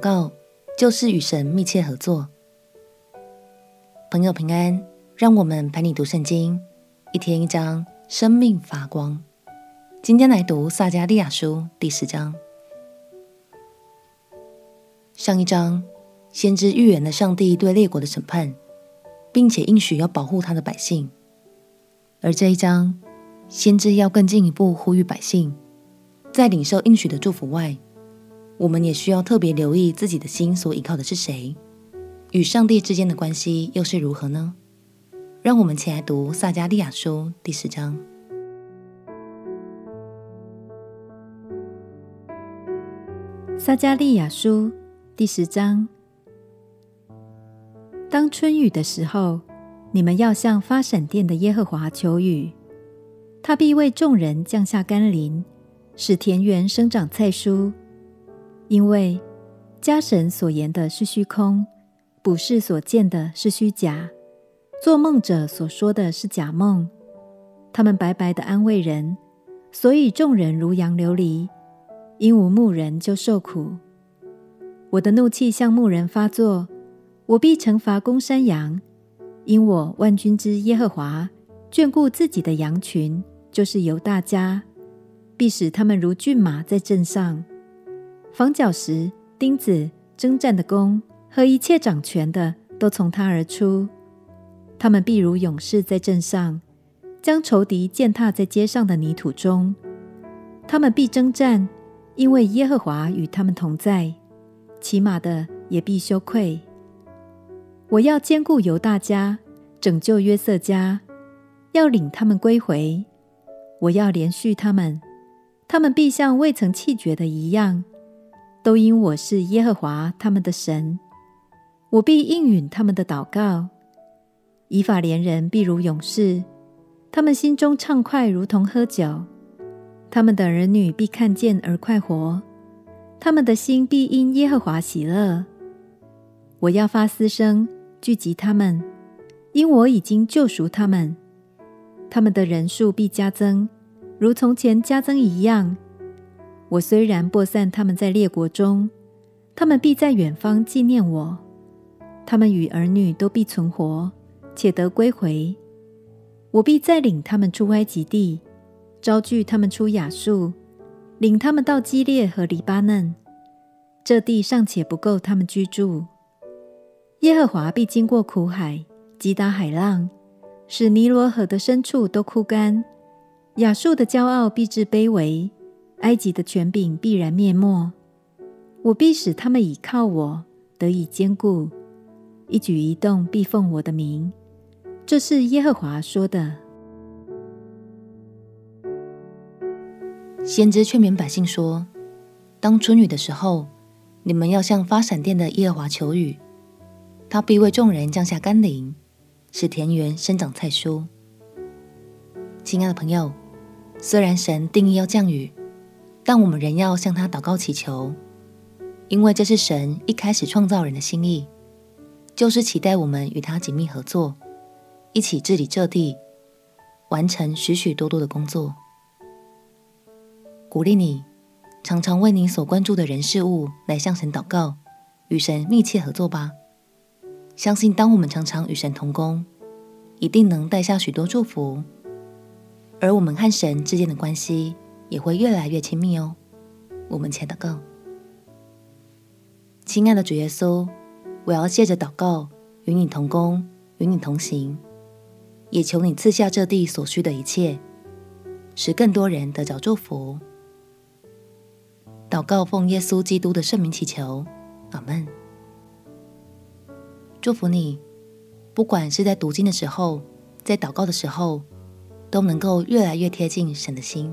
告，就是與神密切合作。朋友平安，讓我們陪你讀聖經，一天一章，生命發光。今天來讀撒迦利亞書第十章。上一章，先知預言了上帝對列國的審判，並且應許要保護他的百姓。而這一章，先知要更進一步呼籲百姓，在領受應許的祝福外。我們也需要特別留意自己的心所依靠的是誰，與上帝之間的關係又是如何呢？讓我們一起來讀撒迦利亞書第十章。撒迦利亞書第十章：當春雨的時候，你們要向發閃電的耶和華求雨，他必為眾人降下甘霖，使田園生長菜蔬。因為家神所言的是虛空，卜士所見的是虛假，做夢者所說的是假夢，他們白白的安慰人，所以眾人如羊流離，因無牧人就受苦。我的怒氣向牧人發作，我必懲罰公山羊，因我萬軍之耶和華眷顧自己的羊群，就是猶大家，必使他們如駿馬在陣上。防房角石、釘子、征戰的弓和一切掌權的都從他而出。他們必如勇士在陣上，將仇敵踐踏在街上的泥土中。他們必征戰，因為耶和華與他們同在。騎馬的也必羞愧。我要堅固猶大家，拯救約瑟家，要領他們歸回。我要憐恤他們，他們必像未曾棄絕的一樣。都因我是耶和華他們的神，我必應允他們的禱告。以法蓮人必如勇士，他們心中暢快如同喝酒；他們的兒女必看見而快活，他們的心必因耶和華喜樂。我要發嘶聲聚集他們，因我已經救贖他們，他們的人數必加增，如從前加增一樣。我雖然播散他們在列國中，他們必在遠方紀念我；他們與兒女，都必存活，且得歸回。我必再領他們出埃及地，招聚他們出亞述，領他們到基列和黎巴嫩。這地尚且不夠他們居住。耶和華必經過苦海，擊打海浪，使尼羅河的深處都枯乾；亞述的驕傲必致卑微。埃及的權柄必然滅沒，我必使他們倚靠我，得以堅固，一舉一動必奉我的名。這是耶和華說的。先知勸勉百姓說：當春雨的時候，你們要向發閃電的耶和華求雨，他必為眾人降下甘霖，使田園生長菜蔬。親愛的朋友，雖然神定義要降雨。但我們仍要向他禱告祈求，因為這是神一開始創造人的心意，就是期待我們與他緊密合作，一起治理這地，完成許許多多的工作。鼓勵你常常為你所關注的人事物來向神禱告，與神密切合作吧。相信當我們常常與神同工，一定能帶下許多祝福，而我們和神之間的關係。也會越來越親密哦。我們前禱告，親愛的主耶穌，我要借着禱告與你同工，與你同行，也求你賜下這地所需的一切，使更多人得着祝福。禱告奉耶穌基督的聖名祈求，阿門。祝福你，不管是在讀經的時候，在禱告的時候，都能夠越來越貼近神的心。